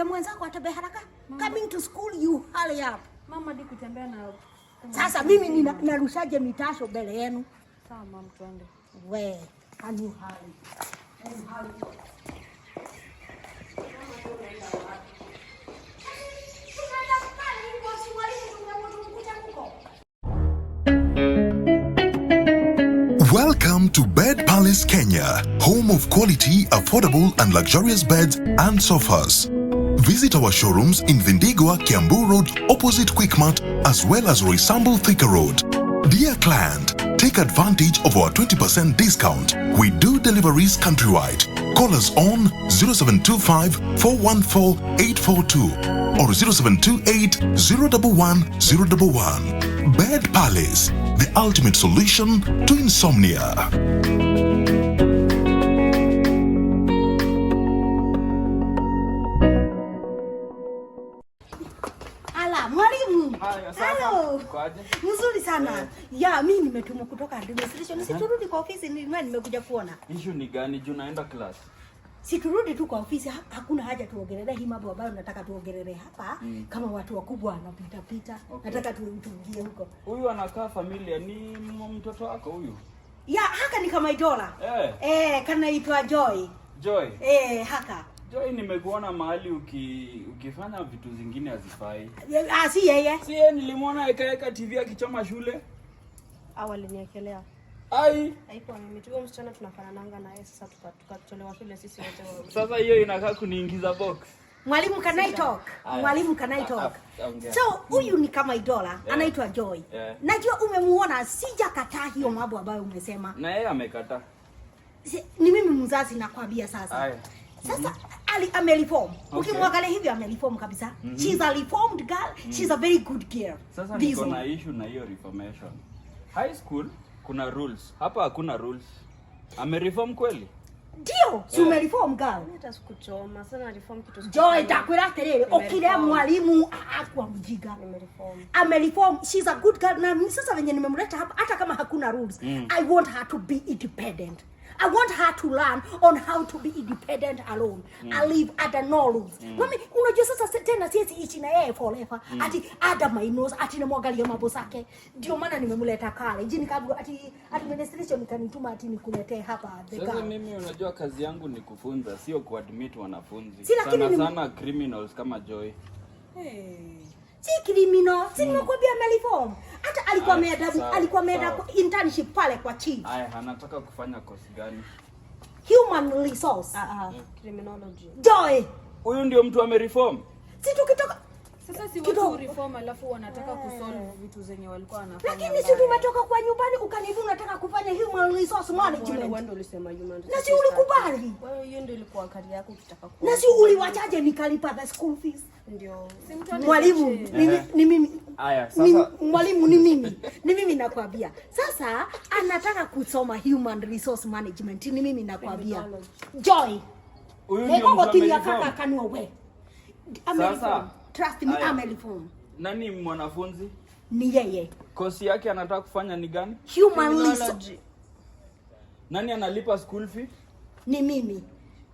kuambia mwenzako atembee haraka. Coming to school you hurry up. Mama di kutembea na sasa mimi nina, narushaje mitasho mbele yenu? Sawa mama, twende. We, and you hurry. And hurry. Welcome to Bed Palace Kenya, home of quality, affordable and luxurious beds and sofas. visit our showrooms in Vindigua, Kiambu Road, opposite Quickmart, as well as Roysambu Thika Road. Dear client, take advantage of our 20% discount. We do deliveries countrywide. Call us on 0725 414 842 or 0728 011 011. Bed Palace, the ultimate solution to insomnia. Sala, mwalimu. Hello. Mzuri sana. Yeah. Ya, mimi nimetumwa kutoka administration. Eh. Si turudi kwa ofisi ni nimekuja kuona. Issue ni gani? Juu naenda class. Si turudi tu kwa ofisi, hakuna haja tuongelee hii mambo ambayo nataka tuongelee hapa mm. Kama watu wakubwa wanapita pita. Okay. Nataka tuingie huko. Huyu anakaa familia ni mtoto wako huyu? Ya, haka ni kama idola. Eh, Eh, kanaitwa Joy. Joy. Eh, haka. Joy, nimekuona mahali uki, ukifanya vitu zingine hazifai. Ah, si yeye. Si yeye nilimwona ekaeka TV akichoma shule. Au Waliniwekelea. Ai. Haiko mimi tu msichana tunafanananga na yeye sasa tukatolewa shule sisi wote wawili. Sasa hiyo inakaa kuniingiza box. Mwalimu can I talk? Mwalimu can I ah, talk? Ah, so huyu ni kama idola yeah. Anaitwa Joy yeah. Najua umemuona, sijakataa hiyo mambo ambayo umesema na yeye amekataa. Ni mimi mzazi nakwambia sasa. Ai. Sasa mm -hmm. Ali ameliform. Okay. Ukimwangalia hivi ameliform kabisa. Mm -hmm. She's a reformed girl. Mm -hmm. She's a very good girl. Sasa niko na issue na hiyo reformation. High school kuna rules. Hapa hakuna rules. Amereform kweli? Ndio, si eh. umereform girl. Hata sikuchoma. Sana reform kitu sikuchoma. Joy takwira kelele. Okile mwalimu akwa ah, ah, mjiga. Amereform. Amereform. She's a good girl. Na sasa venye nimemleta hapa hata kama hakuna rules. Mm. I want her to be independent. I want her to learn on how to be independent alone. Mm. I live under no rules. Mm. Mami, unajua sasa tena siwezi ichi na yeye forever. Mm. Ati ada my nose, ati namwangalia mambo zake. Ndio maana nimemleta kale. Jini kabla ati administration kanituma ati nikuletee hapa the Sasa girl. mimi unajua kazi yangu ni kufunza, sio kuadmit wanafunzi. Si, sana ni... sana criminals kama Joy. Hey. Eh. Si criminal, si mm. nimekuambia meliform hata alikuwa ah, ameenda alikuwa ameenda internship pale kwa chief. Aya, anataka kufanya course gani? Human resource. Ah ah, criminology. Joy. Huyu ndio mtu amereform. Si tukitoka sasa si watu reform alafu wanataka eh. kusolve vitu zenye walikuwa wanafanya. Lakini si tumetoka kwa nyumbani ukanibu unataka kufanya human resource management. Wewe ndio ulisema human resource. Na si ulikubali. Wewe hiyo ndio ilikuwa kari yako ukitaka kuwa. Na si uliwachaje nikalipa the school fees? Ndio. Si mtu Mwalimu, ni mimi Aya, sasa mwalimu ni mimi, ni mimi nakwambia. Sasa anataka kusoma human resource management, ni mimi nakwambia. Joy nekogotiria kaka kanua we Sasa Trust me, Ameriform. Nani mwanafunzi? Ni yeye. Kosi yake anataka kufanya ni gani? Human resource. Nani analipa school fee? Ni mimi.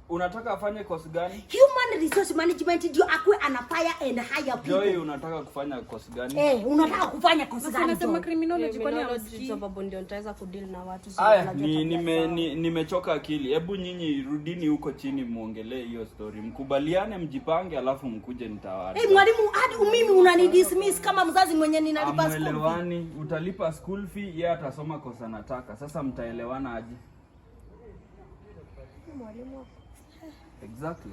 Unataka afanye kosi gani? Human resource management ndio akue ana fire and hire people. Joy, unataka kufanya course gani? Eh, hey, unataka yeah. kufanya course gani? Unasema criminology eh, kwani hamsikii? Sababu ndio nitaweza ku deal na watu sio na nime nimechoka ni akili. Hebu nyinyi rudini huko chini muongelee hiyo story. Mkubaliane, mjipange alafu mkuje nitawaza. Eh, hey, mwalimu hadi mimi unani dismiss kama mzazi mwenye ninalipa school. Amwelewani, utalipa school fee, yeye atasoma course anataka. Sasa mtaelewana aje? Mwalimu Exactly.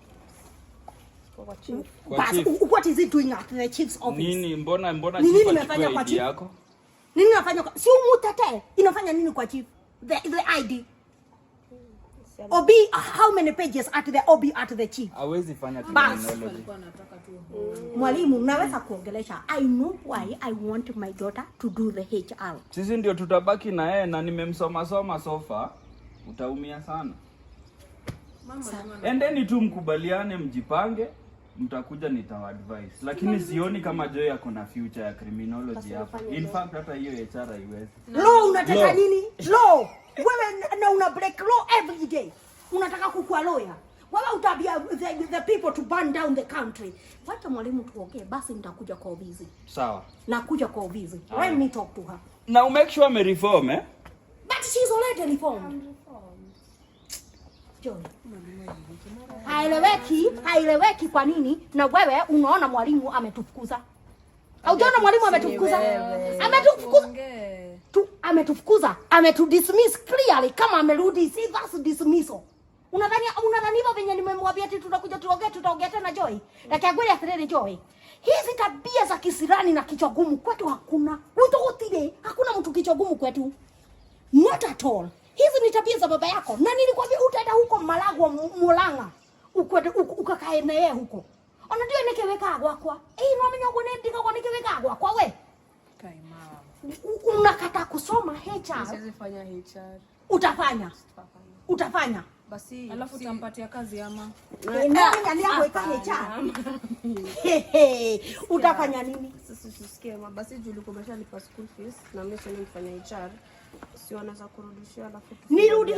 Hmm? What is doing at the chief's office? Nini, mbona mbona nini nimefanya kwa chief yako? Nini nafanya kwa si Inafanya nini kwa chief? The the ID. OB how many pages at the OB at the chief? Hawezi fanya Mwalimu, kuongelesha. I know why I want my daughter to do the HR. Sisi ndio tutabaki na yeye na nimemsoma soma sofa. Utaumia sana. Mama, endeni tu mkubaliane, mjipange mtakuja nitawaadvise, lakini sioni kama Joy ako na future ya criminology hapa. In fact hata hiyo HR haiwezi. Law unataka nini? Law wewe na una break law every day, unataka kukua lawyer wewe utabia the, the people to burn down the country. Wacha mwalimu tuongee basi, nitakuja kwa ofisi sawa. Nakuja kwa ofisi, let me talk to her. Now make sure me reform eh, but she's already reformed. Haeleweki, haeleweki kwa nini? Na wewe unaona mwalimu ametufukuza. Haujaona mwalimu ametufukuza? Ametufukuza. Tu ametufukuza, ametudismiss clearly kama amerudi si that's dismissal. Unadhani unadhani hivyo venye nimemwambia ati tunakuja tuongee tutaongea tena Joy? Lakini kweli athirini Joy. Hizi tabia za kisirani na kichogumu kwetu hakuna. Wito wote hakuna mtu kichogumu kwetu. Not at all hizi ni tabia za baba yako, na nilikwambia utaenda huko Malagwa Mulanga ukakae na yeye huko onandio nikiweka gwakwa eh, ni ndika kwa nikiweka gwakwa we unakata kusoma HR. HR utafanya utafanya basi, alafu utampatia kazi ama eh, ah, utafanya nini? Sisi Basi juu ulikuwa umeshalipa school fees na mimi sasa nifanya HR si wanaweza kurudishia, alafu nirudi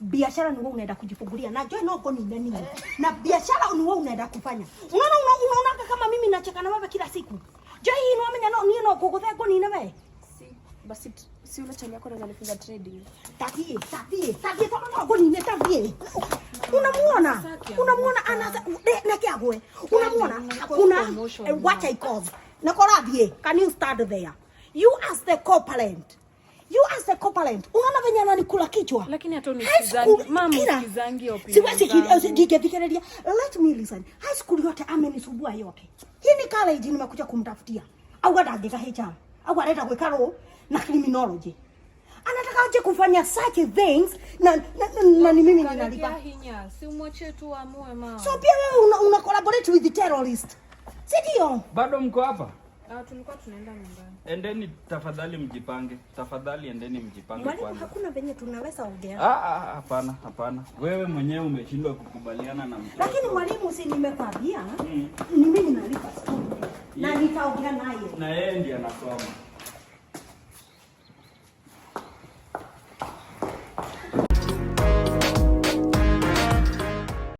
biashara ni wewe unaenda kujifungulia. na Najua noko ni nani. eh? Na biashara ni wewe unaenda kufanya. Unaona unaona kama mimi nacheka na wewe kila siku. Je, hii ni wewe no ni no kukuthe kwa na wewe? Si basi si una chanya kwa nanifunga trading. Tabie, tabie, tabie kama ndio kwa ni tabie. Unamuona? Unamuona ana na kiagwe. Unamuona? Kuna what I call. Nakora bie. Can you start there? You as the co-parent. You as the co-parent. Unaona venye ananikula kichwa. Lakini hata unisikizangi. Mama unisikizangi opinion. Siwezi Let me listen. High school yote amenisumbua yote. Hii ni college nimekuja kumtafutia. Au hata angeka HR. Au hata kuweka roho na criminology. Anataka aje kufanya such things na na, na ni mimi ninalipa. Si umwache tu amue mama. So pia wewe una, una collaborate with the terrorist. Si ndio? Bado mko hapa? Ah, tulikuwa tunaenda nyumbani. Endeni tafadhali mjipange. Tafadhali endeni mjipange kwanza. Mwalimu, hakuna venye tunaweza ongea. Ah, ah ah, hapana, hapana. Wewe mwenyewe umeshindwa kukubaliana na mtoto. Lakini mwalimu, si nimekwambia? Mm. Mimi ninalipa school. Na nitaongea naye. Na yeye ndiye anasoma.